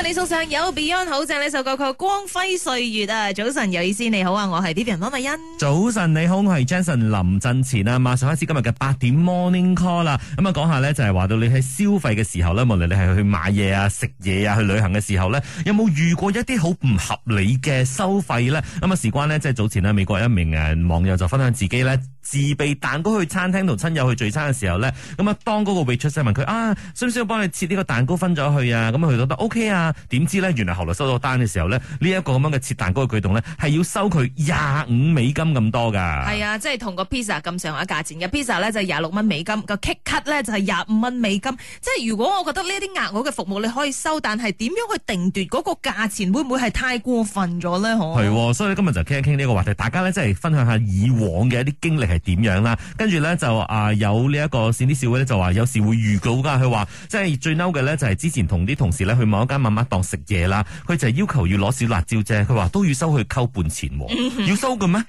你送上有 Beyond 好正呢首歌曲《你受過光輝歲月》啊！早晨有意思，你好啊，我係 i B n 阿美欣。早晨你好，我係 Jason 林振前啊！馬上開始今日嘅八點 Morning Call 啦。咁啊，講下咧就係話到你喺消費嘅時候咧，無論你係去買嘢啊、食嘢啊、去旅行嘅時候咧，有冇遇過一啲好唔合理嘅收費咧？咁啊，事關呢，即係早前啊，美國一名誒網友就分享自己咧。自備蛋糕去餐廳同親友去聚餐嘅時候呢，咁啊當嗰個 waitress 問佢啊，需唔需要幫你切呢個蛋糕分咗去啊？咁佢覺得 OK 啊，點知呢？原來後來收到單嘅時候呢，呢一個咁樣嘅切蛋糕嘅舉動呢，係要收佢廿五美金咁多噶。係啊，即係同個 pizza 咁上下價錢嘅。pizza 就係廿六蚊美金，個 cake cut 呢就係廿五蚊美金。即係如果我覺得呢啲額外嘅服務你可以收，但係點樣去定奪嗰個價錢會唔會係太過分咗呢？可係、啊，所以今日就傾一傾呢個話題，大家咧即係分享下以往嘅一啲經歷點樣啦？跟住咧就啊有呢、這、一個善啲社會咧就話有時會預告噶。佢話即係最嬲嘅咧就係之前同啲同事咧去某一間媽媽檔食嘢啦。佢就係要求要攞少辣椒啫。佢話都要收佢溝半錢，嗯、要收嘅咩？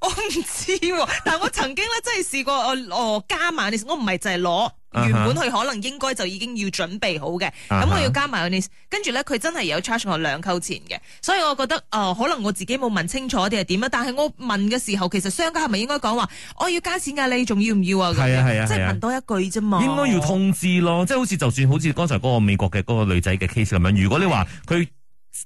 我唔知、啊，但係我曾經咧真係試過攞、呃、加碼，我唔係就係攞。原本佢可能應該就已經要準備好嘅，咁、uh-huh. 我要加埋嗰啲，跟住咧佢真係有 charge 我兩扣錢嘅，所以我覺得啊、呃，可能我自己冇問清楚啲係點啊，但係我問嘅時候，其實商家係咪應該講話，我要加錢㗎，你仲要唔要啊？係啊係啊，即係、啊就是、問多一句啫嘛、啊啊。應該要通知咯，即係好似就算好似剛才嗰個美國嘅嗰個女仔嘅 case 咁樣，如果你話佢。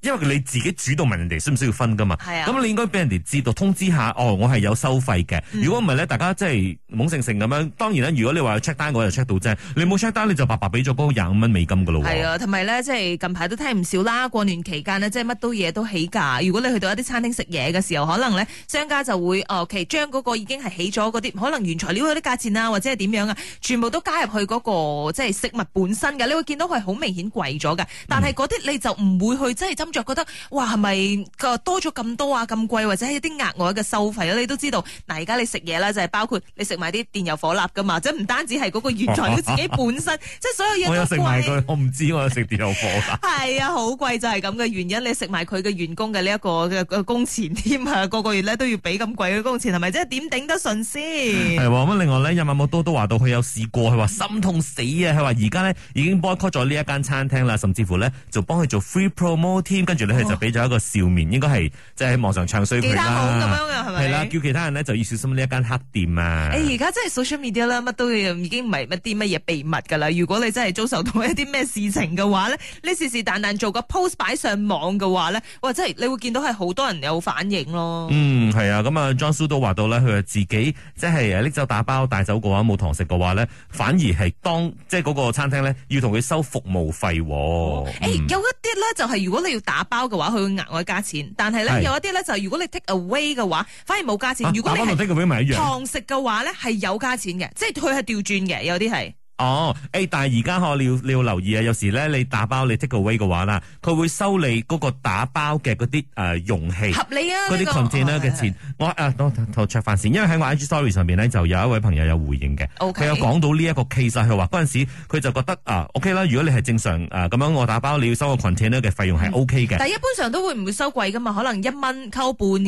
因為你自己主動問人哋需唔需要分噶嘛，係啊，咁你應該俾人哋知道通知下，哦，我係有收費嘅。如果唔係咧，大家即係懵盛盛咁樣。當然啦，如果你話 check 單，我又 check 到啫。你冇 check 單，你就白白俾咗嗰廿五蚊美金噶咯。係啊，同埋咧，即係近排都聽唔少啦。過年期間呢，即係乜都嘢都起價。如果你去到一啲餐廳食嘢嘅時候，可能咧商家就會哦，其實將嗰個已經係起咗嗰啲可能原材料嗰啲價錢啊，或者係點樣啊，全部都加入去嗰個即係食物本身嘅。你會見到佢係好明顯貴咗嘅。但係嗰啲你就唔會去即係。嗯斟酌，覺得哇，係咪佢多咗咁多啊，咁貴，或者有啲額外嘅收費啊，你都知道，嗱，而家你食嘢啦，就係包括你食埋啲電油火蠟噶嘛，即係唔單止係嗰個原材料自己本身，即係所有嘢都貴。我有食埋佢，我唔知我有食電油火蠟。係 啊，好貴就係咁嘅原因。你食埋佢嘅員工嘅呢一個嘅工錢添啊，個個月咧都要俾咁貴嘅工錢，係咪即係點頂得順先？係喎、啊。咁另外咧，有冇多都話到佢有試過，佢話心痛死啊！佢話而家咧已經 boycott 咗呢一間餐廳啦，甚至乎咧就幫佢做 free promote。跟住咧佢就俾咗一個笑面，哦，應該係即係喺網上唱衰佢啦。係啦，叫其他人咧就要小心呢一間黑店啊！誒、哎，而家真係 social media 啦，乜都要已經唔係乜啲乜嘢秘密噶啦。如果你真係遭受到一啲咩事情嘅話咧，你是是但但做個 post 擺上網嘅話咧，哇！即係你會見到係好多人有反應咯。嗯，係啊，咁啊，John 都話到咧，佢話自己即係誒拎走打包帶走嘅話，冇堂食嘅話咧，反而係當即係嗰個餐廳咧要同佢收服務費。誒、嗯哎，有一啲咧就係、是、如果你打包嘅話，佢會額外加錢，但係咧有一啲咧就係如果你 take away 嘅話，反而冇加錢啊。如果你一樣，堂食嘅話咧，係有加錢嘅啊，即係佢係調轉嘅，有啲係。哦，誒，但係而家可你要你要留意啊，有時咧你打包你 takeaway 嘅話啦，佢會收你嗰個打包嘅嗰啲誒容器，合理啊，嗰啲 container 嘅錢。我啊，等我同佢扯翻先，因為喺我 IG story 上邊咧就有一位朋友有回應嘅，佢有講到呢一個 case 佢話，嗰陣時佢就覺得啊，OK 啦，如果你係正常啊咁樣我打包，你要收個 container 嘅費用係 OK 嘅。但係一般上都會唔會收貴噶嘛？可能一蚊溝半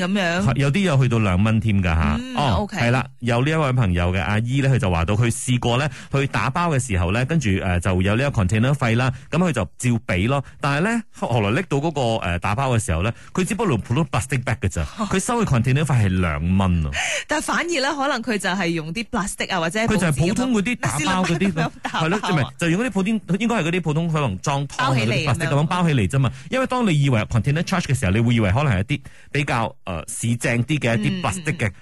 咁樣，有啲有去到兩蚊添噶吓。哦，OK，係啦，有呢一位朋友嘅阿姨咧，佢就話到佢試過咧去打包。包嘅時候咧，跟住誒就有呢個 container 費啦，咁佢就照俾咯。但係咧，後來拎到嗰個打包嘅時候咧，佢只不過攞普通的 plastic bag 咋，佢、哦、收嘅 container 費係兩蚊啊。但係反而咧，可能佢就係用啲 plastic 啊或者佢就係普通嗰啲打包嗰啲係咯，即就用嗰啲普通應該係嗰啲普通可能裝湯嗰啲、啊、plastic 咁樣包起嚟啫嘛。因為當你以為 container charge 嘅時候，你會以為可能係一啲比較誒實、呃、淨啲嘅一啲 plastic 嘅。嗯嗯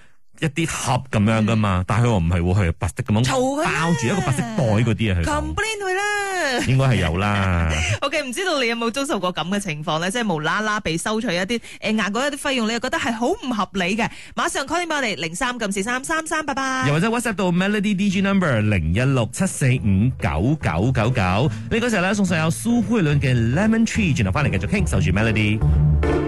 一啲盒咁樣噶嘛，但係佢話唔係會去白色咁樣，啊、包住一個白色袋嗰啲啊，佢。c o m e 佢啦。應該係有啦。 OK，唔知道你有冇遭受過咁嘅情況咧？即係無啦啦被收取一啲誒，額外一啲費用，你又覺得係好唔合理嘅，馬上 call 翻我哋零三零四三三三，拜拜。又或者 WhatsApp 到 Melody D G Number 零一六七四五九九九九，呢個時候咧送上有蘇慧倫嘅 Lemon Tree，轉頭翻嚟繼續傾，守住 Melody。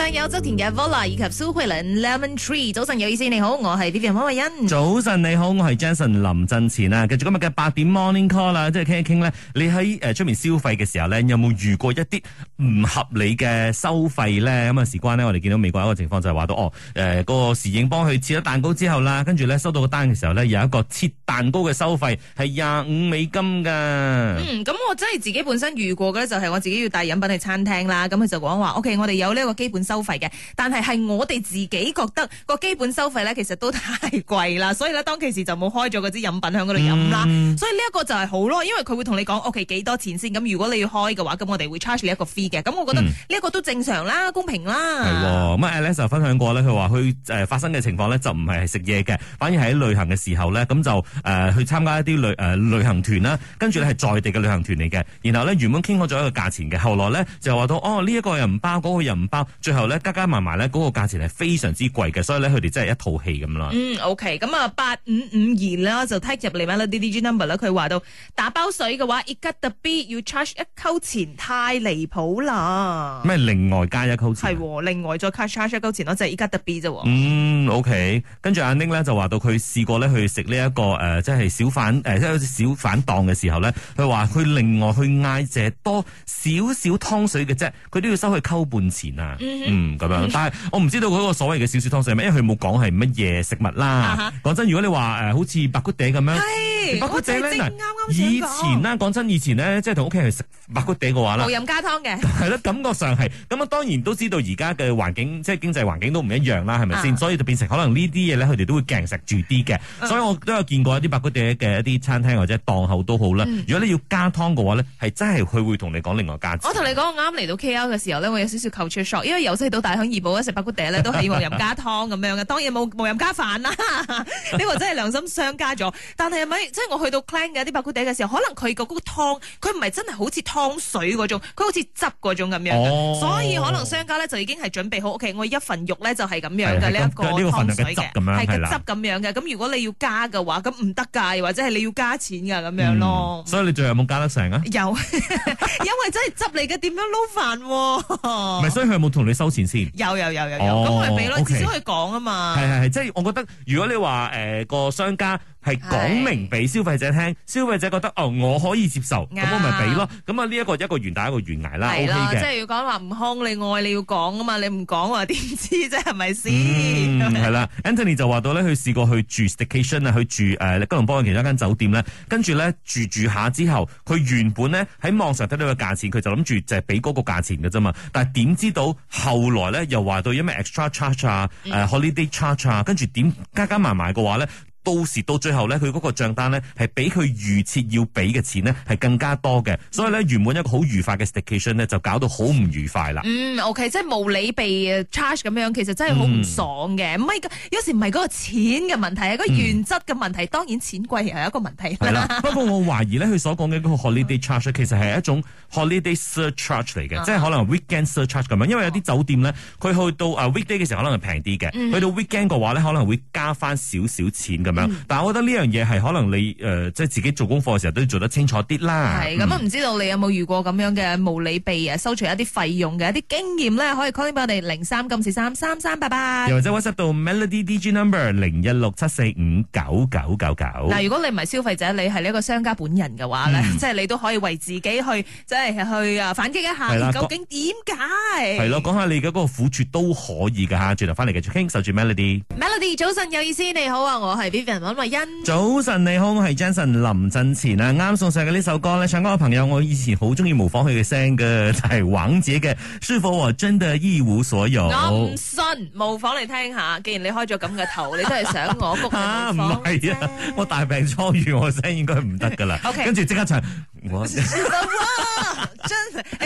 朋友，澤田嘅 Vola 以及蘇佩倫 Lemon Tree，早晨有意思，你好，我係 Vivian 方慧欣。早晨你好，我係 Jason 林振前啊，繼續今日嘅八點 Morning Call 啦，即係傾一傾咧。你喺誒出面消費嘅時候咧，有冇遇過一啲唔合理嘅收費咧？咁啊，事關咧，我哋見到美國一個情況就係話到，哦，誒、呃，個侍應幫佢切咗蛋糕之後啦，跟住咧收到個單嘅時候咧，有一個切蛋糕嘅收費係廿五美金噶。嗯，咁我真係自己本身遇過嘅咧，就係、是、我自己要帶飲品去餐廳啦，咁佢就講話、嗯就是、，OK，我哋有呢個基本。收費嘅，但係係我哋自己覺得個基本收費咧，其實都太貴啦，所以咧當其時就冇開咗嗰支飲品喺嗰度飲啦。所以呢一個就係好咯，因為佢會同你講，OK，幾多錢先？咁如果你要開嘅話，咁我哋會 charge 你一個 fee 嘅。咁我覺得呢一個都正常啦，公平啦。係咁啊，Alex 就分享過咧，佢話佢誒發生嘅情況咧，就唔係食嘢嘅，反而係喺旅行嘅時候咧，咁就誒去參加一啲旅誒旅行團啦，跟住咧係在地嘅旅行團嚟嘅，然後咧原本傾好咗一個價錢嘅，後來咧就話到哦呢一個又唔包，嗰個又唔包。最後咧，加加埋埋咧，嗰個價錢係非常之貴嘅，所以咧，佢哋真係一套戲咁啦。嗯，OK，咁啊八五五二啦，就 type 入嚟啦 d D g number 啦，佢話到打包水嘅話，而家特 B 要 charge 一溝錢，太離譜啦！咩？另外加一溝錢係，另外再加 charge 一溝錢咯，就係、是、而家特 B 啫。嗯，OK，跟住阿 Ning 咧就話到佢試過咧去食呢一個誒，即、呃、係、就是、小販誒，即、呃、係、就是、小販檔嘅時候咧，佢話佢另外去嗌隻多少少湯水嘅啫，佢都要收佢溝半錢啊。嗯嗯，咁樣，但係我唔知道嗰個所謂嘅小小湯水係咩，因為佢冇講係乜嘢食物啦。講、uh-huh. 真，如果你話、呃、好似白骨頂咁樣，hey, 白骨頂咧，以前啦，講真以前呢，即係同屋企人去食白骨頂嘅話啦，冇飲加湯嘅，係 啦感覺上係咁啊。當然都知道而家嘅環境，即係經濟環境都唔一樣啦，係咪先？Uh. 所以就變成可能呢啲嘢呢，佢哋都會夾硬食住啲嘅。Uh. 所以我都有見過一啲白骨頂嘅一啲餐廳或者檔口都好啦。如果你要加湯嘅話呢，係真係佢會同你講另外加錢。我同你講，我啱嚟到 K L 嘅時候呢，我有少少求因為由細到大二，二怡一食白骨頂咧，都係冇飲加湯咁樣嘅，當然冇冇飲加飯啦、啊。你、呢個真係良心商家咗。但係咪即係我去到 c l a n 嘅啲白骨頂嘅時候，可能佢個骨湯佢唔係真係好似湯水嗰種，佢好似汁嗰種咁樣、哦、所以可能商家咧就已經係準備好、哦、OK，我一份肉咧就係咁樣嘅呢一個湯水嘅咁、這個、樣係汁咁樣嘅咁，如果你要加嘅話，咁唔得㗎，或者係你要加錢㗎咁樣咯。所以你最後有冇加得成啊？有，因為真係汁嚟嘅，點樣撈飯、啊？唔係，所以佢冇同你。收錢先，有有有有有，咁、哦、我咪俾咯，至少可以講啊嘛。係係係，即係我覺得，如果你話誒、呃、個商家。係講明俾消費者聽，消費者覺得哦，我可以接受，咁我咪俾咯。咁啊，呢一個一個原打一個圓崖啦，O K 嘅。即係要講話，唔空你愛你要講啊嘛，你唔講話點知啫？係咪先？嗯，係啦。 Anthony 就話到咧，佢試過去住 station 啊，去住誒吉隆坡嘅其他間酒店咧，跟住咧住住下之後，佢原本咧喺網上睇到價個價錢，佢就諗住就係俾嗰個價錢㗎啫嘛。但係點知道後來咧又話到有咩 extra charge 啊，誒、嗯呃、holiday charge 啊，跟住點加加埋埋嘅話咧？到時到最後咧，佢嗰個帳單咧係比佢預設要俾嘅錢呢係更加多嘅，所以咧原本一個好愉快嘅 staycation 咧就搞到好唔愉快啦。嗯，OK，即係無理被 charge 咁樣，其實真係好唔爽嘅。唔、嗯、係有時唔係嗰個錢嘅問題，係嗰個原則嘅問題、嗯。當然錢貴係一個問題。不過我懷疑咧，佢所講嘅嗰個 holiday charge 其實係一種 holiday surcharge 嚟嘅、嗯，即係可能 weekend surcharge 咁樣。因為有啲酒店咧，佢去到 weekday 嘅時候可能係平啲嘅，去到 weekend 嘅話咧可能會加翻少少錢。但係我覺得呢樣嘢係可能你誒即係自己做功課嘅時候都要做得清楚啲啦。係咁啊，唔知道你有冇遇過咁樣嘅無理被啊，收取一啲費用嘅一啲經驗咧，可以 call 翻我哋零三九四三三三八八，又或者 WhatsApp 到 Melody D G Number 零一六七四五九九九九。嗱，如果你唔係消費者，你係呢一個商家本人嘅話咧，即係你都可以為自己去即係去啊反擊一下，究竟點解？係咯，講下你嘅個苦處都可以㗎嚇，轉頭翻嚟繼續傾，守住 Melody。Melody，早晨有意思，你好啊，我係邊？早晨，你好，我係 Jason 林振前啊。啱送上嘅呢首歌咧，唱歌嘅朋友，我以前好中意模仿佢嘅聲嘅，就係王者嘅。是否我真的一無所有？我唔信，模仿你聽下。既然你開咗咁嘅頭，你真係想我谷你唔係 啊、啊！我大病初愈，我聲應該唔得噶啦。Okay. 跟住即刻唱。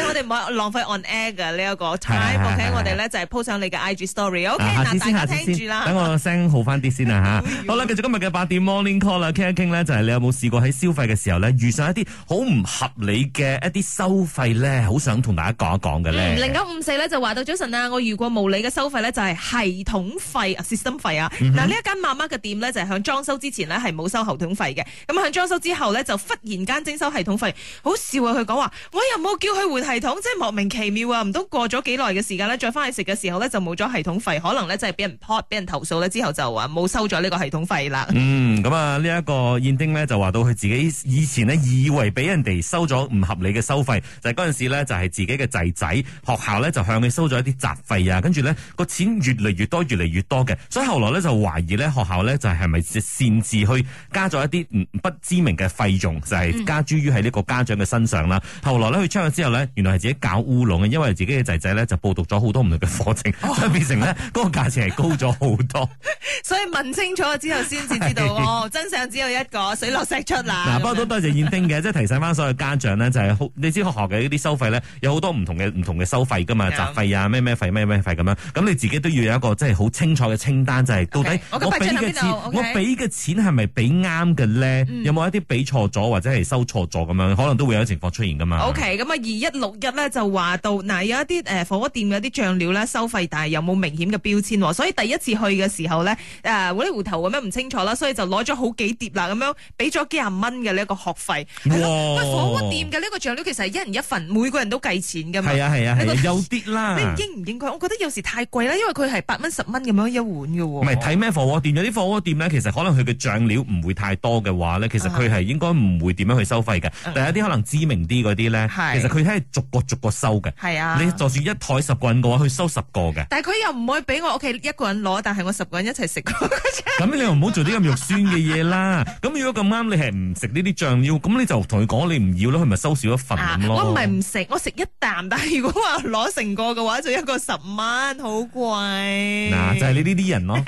我哋唔好浪費 on air 嘅、這個、呢一個，OK，我哋咧就係、是、po 上你嘅 IG story，OK，、okay, 嗱、啊，大家聽住啦，等我聲好翻啲先啦、啊、吓、 啊，好啦，繼續今日嘅八點 morning call 啦，傾一傾咧就係、是、你有冇試過喺消費嘅時候咧遇上一啲好唔合理嘅一啲收費咧，好想同大家講一講嘅咧，零九五四咧就話到早晨啊，我遇過無理嘅收費咧就係系統費啊，system 費啊，嗱、嗯、呢一間媽媽嘅店咧就係響裝修之前咧係冇收系統費嘅，咁響裝修之後咧就忽然間徵收系統。好笑啊！佢講話我又冇叫佢換系統，即係莫名其妙啊！唔通過咗幾耐嘅時間呢，再返去食嘅時候呢，就冇咗系統費，可能呢，就係俾人 po 俾人投訴呢，之後就話冇收咗呢個系統費啦。嗯，咁啊呢一、這個燕丁呢，就話到佢自己以前以、就係、己呢，以為俾人哋收咗唔合理嘅收費，就係嗰陣時呢，就係自己嘅仔仔學校呢，就向佢收咗一啲雜費啊，跟住呢，個錢越嚟越多越嚟越多嘅，所以後來呢，就懷疑呢，學校呢，就係咪擅自去加咗一啲唔不知名嘅費用，就係、係、加諸於喺呢，個家長嘅身上啦，後來咧佢出咗之後咧，原來係自己搞烏龍嘅，因為自己嘅仔仔咧就報讀咗好多唔同嘅課程，oh. 所以變成咧嗰 個價錢係高咗好多。 所以問清楚咗之後，先至知道哦，真相只有一個，水落石出啦。嗱、啊，不過都多謝燕丁嘅，即 係提醒翻所有家長咧、就是，就係你知學校嘅呢啲收費咧，有好多唔同嘅唔同嘅收費噶嘛，雜費啊，咩咩費咩咩費咁樣，咁你自己都要有一個即係好清楚嘅清單，就係、是、到底、okay. 我俾嘅錢，okay. 我俾嘅錢係咪俾啱嘅咧？有冇一啲俾錯咗或者係收錯咗咁樣？可能都會有情況出現㗎嘛。OK，咁啊二一六一咧就話到嗱，有一啲誒火鍋店有啲醬料咧收費，但係有冇明顯嘅標籤喎？所以第一次去嘅時候咧，誒糊裏糊塗咁樣唔清楚啦，所以就攞咗好幾碟啦，咁樣俾咗幾廿蚊嘅呢一個學費。哦，火鍋店嘅呢個醬料其實係一人一份，每個人都計錢㗎嘛。係啊係啊，呢個有啲啦。你應唔應該？我覺得有時太貴啦，因為佢係八蚊十蚊咁樣一碗嘅喎。唔係睇咩火鍋店，有啲火鍋店咧，其實可能佢嘅醬料唔會太多嘅話咧，其實佢係應該唔會點樣去收費嘅。第一啲可能知名啲嗰啲咧，其實佢係逐個逐個收嘅。係啊，你就算一枱十個人嘅話，佢收十個嘅。但係佢又唔會俾我屋企一個人攞，但係我十個人一齊食。咁 你又唔好做啲咁肉酸嘅嘢啦。咁 如果咁啱你係唔食呢啲醬料，咁你就同佢講你唔要咯，佢咪收少一份咯，啊。我唔係唔食，我食一啖。但係如果話攞成個嘅話，就一個十蚊，好貴。嗱、啊，就係呢啲啲人咯。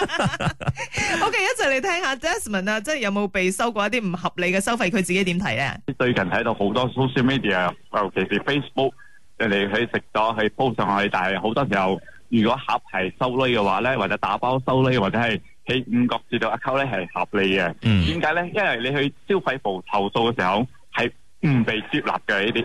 OK，一陣嚟聽下 Jasmine 啊，即係有冇被收過一啲唔合理嘅收費？佢自己點睇咧？最近睇到好多 social media，尤其是 Facebook，人哋去食咗去 post 上去，但係好多時候，如果盒係收鐳嘅話咧，或者打包收鐳或者係喺五角至到一溝咧，係合理嘅。點解咧？因為你去消費部投訴嘅時候係唔被接納嘅呢啲。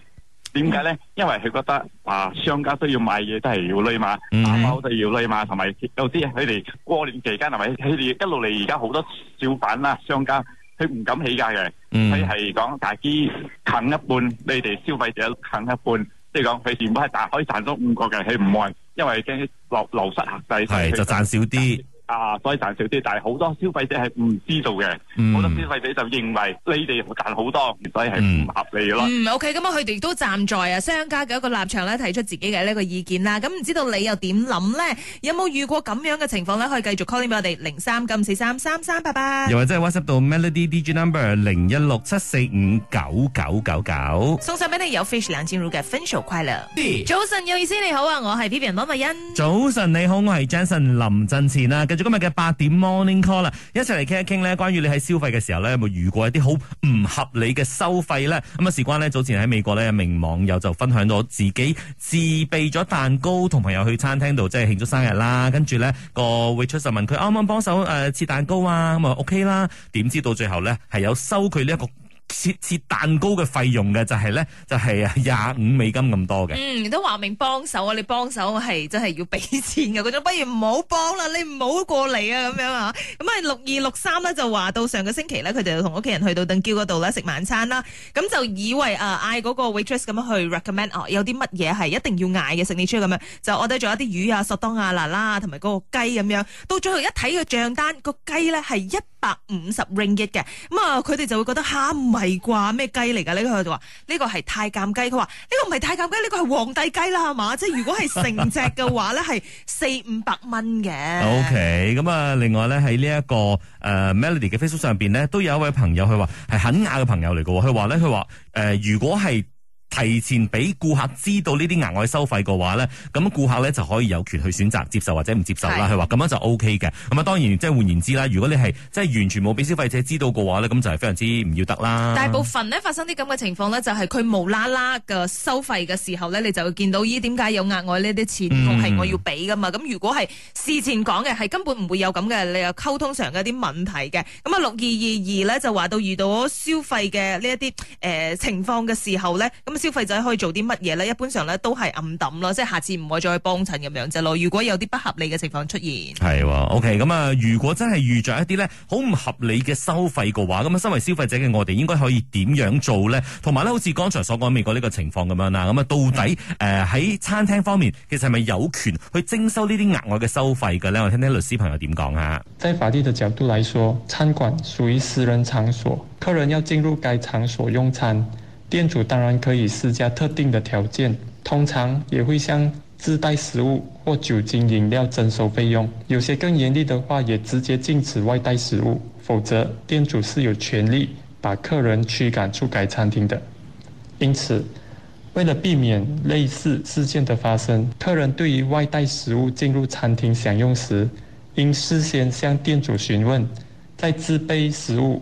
點解咧？因為佢覺得啊，商家都要買嘢都係要鐳嘛，打包都係要鐳嘛，同埋有啲佢哋過年期間係咪佢哋一路嚟，而家好多小販啦，商家。佢唔敢起價嘅，佢係講大機近一半，你哋消費者近一半，即係講佢全部係大以賺咗五個嘅，佢唔愛，因為驚落流失客仔，係就賺少啲。啊，所以賺少啲，但係好多消費者係唔知道嘅，好、嗯、多消費者就認為你哋賺好多，所以係唔合理咯。嗯，嗯，OK，咁啊，佢哋都站在啊商家嘅一個立場咧，提出自己嘅呢個意見啦。咁唔知道你又點諗咧？有冇遇過咁樣嘅情況咧？可以繼續 call 啲俾我哋零三九五四三三三八八，又或者係 WhatsApp 到 Melody DG Number 零一六七四五九九九九，送上俾你有 fish 冷煎乳嘅 Financial 快樂。早晨，有意思你好啊，我係 Vivian 麥欣。早晨你好，我係 Jason 林振前啊。喺今日嘅八點 Morning Call 啦，一齊嚟傾一傾咧，關於你喺消費嘅時候咧，有冇遇過一啲好唔合理嘅收費咧？咁啊，事關呢，早前喺美國咧，有名網友就分享咗自己自備咗蛋糕，同朋友去餐廳度即係慶祝生日啦。跟住咧，個 waitress 問佢啱唔啱幫手誒切蛋糕啊，咁啊 OK 啦。點知到最後咧，係有收佢呢一個。切切蛋糕嘅費用嘅就係咧，就係廿五美金咁多嘅。嗯，都話明幫手啊，你幫手係真係要俾錢嘅嗰種，不如唔好幫啦，你唔好過嚟啊咁樣啊。咁啊六二六三咧就話到上個星期咧，佢哋就同屋企人去到鄧嬌嗰度咧食晚餐啦。咁就以為啊嗌嗰個 waitress 咁樣去 recommend 哦，有啲乜嘢係一定要嗌嘅 signature 咁樣， 就我哋仲有啲魚啊、索當啊、啦啦同埋嗰個雞咁樣。到最後一睇個賬單，個雞咧係一百五十 r i n g 嘅，咁啊佢哋就會覺得吓唔係啩咩雞嚟噶？呢、啊這個佢就話呢個係太監雞，佢話呢個唔係太監雞，呢個係皇帝雞啦嘛。 即係如果係成隻嘅話咧，係四五百蚊嘅。OK，咁啊，另外咧喺呢一、這個誒、呃、Melody 嘅 Facebook 上邊咧，都有一位朋友佢話係肯雅嘅朋友嚟喎。佢話咧佢話誒如果係。提前俾顧客知道呢啲額外收費嘅話呢，咁顧客呢就可以有權去選擇接受或者唔接受啦。佢話咁樣就 O K 嘅。咁啊當然即係換言之啦，如果你係即係完全冇俾消費者知道嘅話呢，咁就係非常之唔要得啦。大部分呢發生啲咁嘅情況呢，就係、是、佢無啦啦嘅收費嘅時候呢，你就會見到咦點解有額外呢啲錢我係、嗯、我要俾噶嘛。咁如果係事前講嘅，係根本唔會有咁嘅你又溝通上嘅一啲問題嘅。咁啊六二二二呢就話到遇到消費嘅呢一啲情況嘅時候呢。咁。消費者可以做啲乜嘢咧？一般上咧都係暗抌囉，即係下次唔會再幫襯咁樣啫咯。如果有啲不合理嘅情況出現，係喎。OK，咁啊，如果真係遇着一啲咧好唔合理嘅收費嘅話，咁啊，身為消費者嘅我哋應該可以點樣做咧？同埋咧，好似剛才所講美國呢個情況咁樣啊，咁啊，到底誒喺、嗯呃、餐廳方面，其實係咪有權去徵收呢啲額外嘅收費嘅咧？我聽聽律師朋友點講啊。喺法律嘅角度嚟說，餐館屬於私人場所，客人要進入該場所用餐。店主當然可以施加特定的條件，通常也會向自帶食物或酒精飲料徵收費用。有些更嚴厲的話，也直接禁止外帶食物，否則店主是有權利把客人驅趕出該餐廳的。因此，為了避免類似事件的發生，客人對於外帶食物進入餐廳享用時，應事先向店主詢問，在自備食物。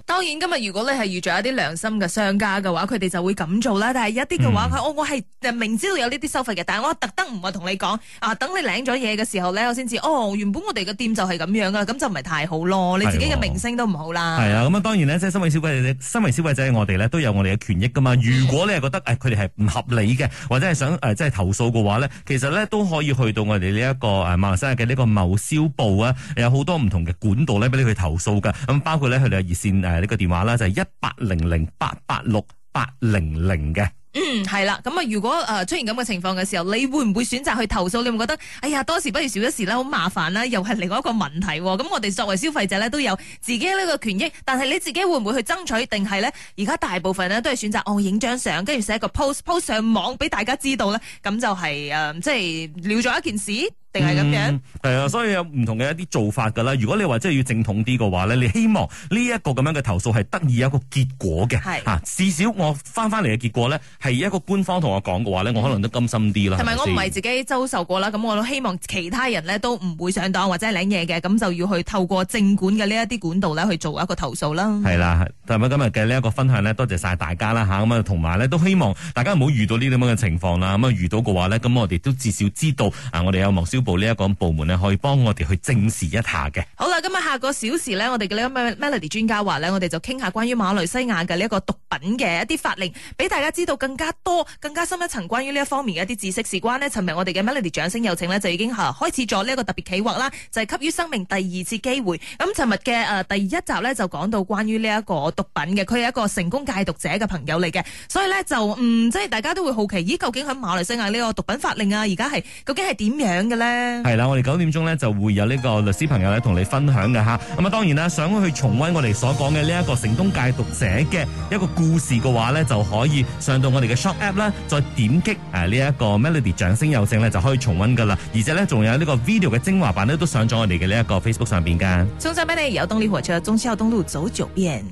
當然今日如果你係遇着一啲良心嘅商家嘅話，佢哋就會咁做啦。但係一啲嘅話，佢、嗯哦、我我係明知道有呢啲收費嘅，但係我特登唔係同你講啊，等你領咗嘢嘅時候咧，我先知哦。原本我哋嘅店就係咁樣啊，咁就唔係太好咯。你自己嘅名聲都唔好啦。係、哦、啊，咁、嗯、當然呢，即係身為消費者身為消費者我哋呢都有我哋嘅權益噶嘛。如果你係覺得佢哋係唔合理嘅， 或者係想即係、呃、投訴嘅話呢，其實呢都可以去到我哋呢一個馬馬來西亞嘅呢個貿消部啊，有好多唔同嘅管道俾你去投訴噶。咁包括佢哋有熱線個電話咧就係一八零零八八六八零零嘅。嗯，係啦，咁啊，如果誒出現咁嘅情況嘅時候，你會唔會選擇去投訴？你會唔會覺得，哎呀，多一事不如少一事啦，好麻煩啦，又係另外一個問題。咁我哋作為消費者咧，都有自己呢個權益，但係你自己會唔會去爭取？定係咧，而家大部分咧都係選擇我影張相，跟住寫個 post post 上網俾大家知道咧，咁就係、是、誒、呃，即係了咗一件事。定係咁樣，係、嗯、啊，所以有唔同嘅一啲做法㗎啦。如果你話真係要正統啲嘅話咧，你希望呢一個咁樣嘅投訴係得以一個結果嘅，至、啊、少，少我翻翻嚟嘅結果咧係一個官方同我講嘅話咧，我可能都甘心啲啦。同、嗯、埋我唔係自己遭受過啦，咁我都希望其他人咧都唔會上當或者領嘢嘅，咁就要去透過政管嘅呢一啲管道咧去做一個投訴啦。係啦，同埋今日嘅呢一個分享咧，多謝晒大家啦吓，咁啊同埋咧都希望大家唔好遇到呢啲咁樣嘅情況啦。咁啊遇到嘅話咧，咁我哋都至少知道啊，我哋有莫部呢一個部門咧，可以幫我哋去正視一下嘅。好啦,今日下個小時呢，我哋嘅呢個 Melody 專家話咧，我哋就傾下關於馬來西亞嘅呢一個毒品嘅一啲法令，俾大家知道更加多、更加深一層關於呢一方面嘅一啲知識。事關呢，尋日我哋嘅 Melody 掌聲有請呢，就已經吓開始咗呢一個特別企劃啦，就係給予生命第二次機會。咁尋日嘅誒第一集呢，就講到關於呢一個毒品嘅，佢係一個成功戒毒者嘅朋友嚟嘅，所以呢，就嗯，即係大家都會好奇，咦，究竟喺馬來西亞呢個毒品法令啊，而家係究竟係點樣嘅呢？係啦，我哋九點鐘咧就會有呢個律師朋友咧同你分享嘅吓，咁啊當然啦，想去重温我哋所講嘅呢一個成功戒毒者嘅一個故事嘅話咧，就可以上到我哋嘅 Shop App 啦，再點擊誒呢一個 Melody 掌聲有聲咧就可以重温噶啦，而且咧仲有呢個 video 嘅精華版咧都上咗我哋嘅呢一個 Facebook 上面從邊噶。衷心拜你有動力火車，忠孝東路走九遍。